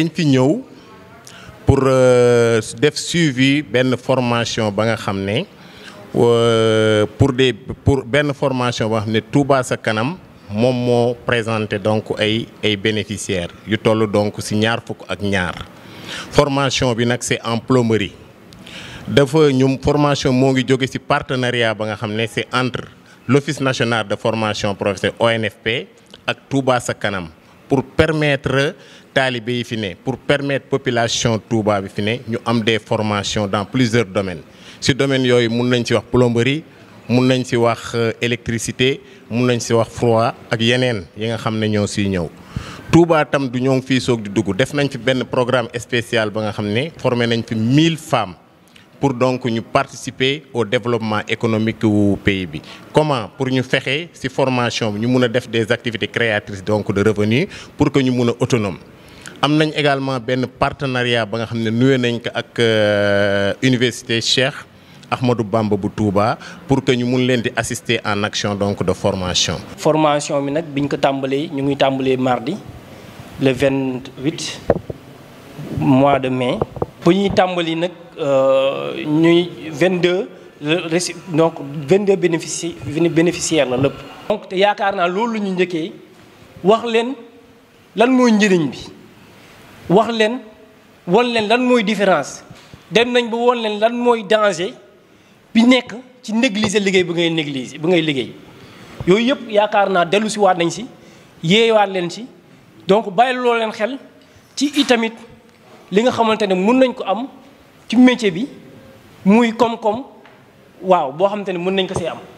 dañ fi ñëw pour euh, def suivi benn formation ba nga xam ne euh, pour des pour benn formation ba xam ne Touba sa kanam moom moo présenté donc ay ay bénéficiaires yu toll donc ci ñaar fukk ak ñaar formation bi nag c'est en plomberie dafa ñum formation moo ngi jóge ci partenariat ba nga xam ne c'est entre l'Office national de formation professionnelle ONFP ak Touba sa kanam pour permettre taalibe yi fi ne pour permettre population Touba bi fi ne ñu am des formation dans plusieurs domaines si domaine yooyu mun nañ ci wax plomberie mun nañ ci wax euh, électricité mun nañ ci wax froid ak yeneen yi nga xam ne ñoo siy ñëw. Touba tam du ñoo ngi fii soog di dugg def nañ fi benn programme spécial ba nga xam ne formé nañ fi mille femmes. pour donc ñu participer au développement économique wu pays bi comment pour ñu fexee ci formation bi ñu mun a def des activités créatrice donc de revenus pour que ñu mun a autonome am nañ également benn partenariat ba nga xam ne nuye nañ ko ak euh, université Cheikh Ahmadou Bamba bu Touba pour que ñu mun leen di assister en action donc de formation. formation bi nag biñ ko tàmbalee ñu ngi tàmbalee mardi le 28 mois de mai. bu ñuy tàmbali nag euh, ñuy 22 réci donc 22 bénéfici bénéficiaire la lépp. donc te yaakaar naa loolu ñu njëkkee wax leen lan mooy njëriñ bi wax leen wan leen lan mooy différence dem nañ ba wan leen lan mooy danger bi nekk ci négliger liggéey bi ngay négliger bu ngay liggéey yooyu yëpp yaakaar naa dellu si waat nañ si yeewaat leen si donc bàyyi loo leen xel ci itamit li nga xamante ne mun nañ ko am ci métier bi muy koom-koom waaw boo xamante ne mun nañ ko see am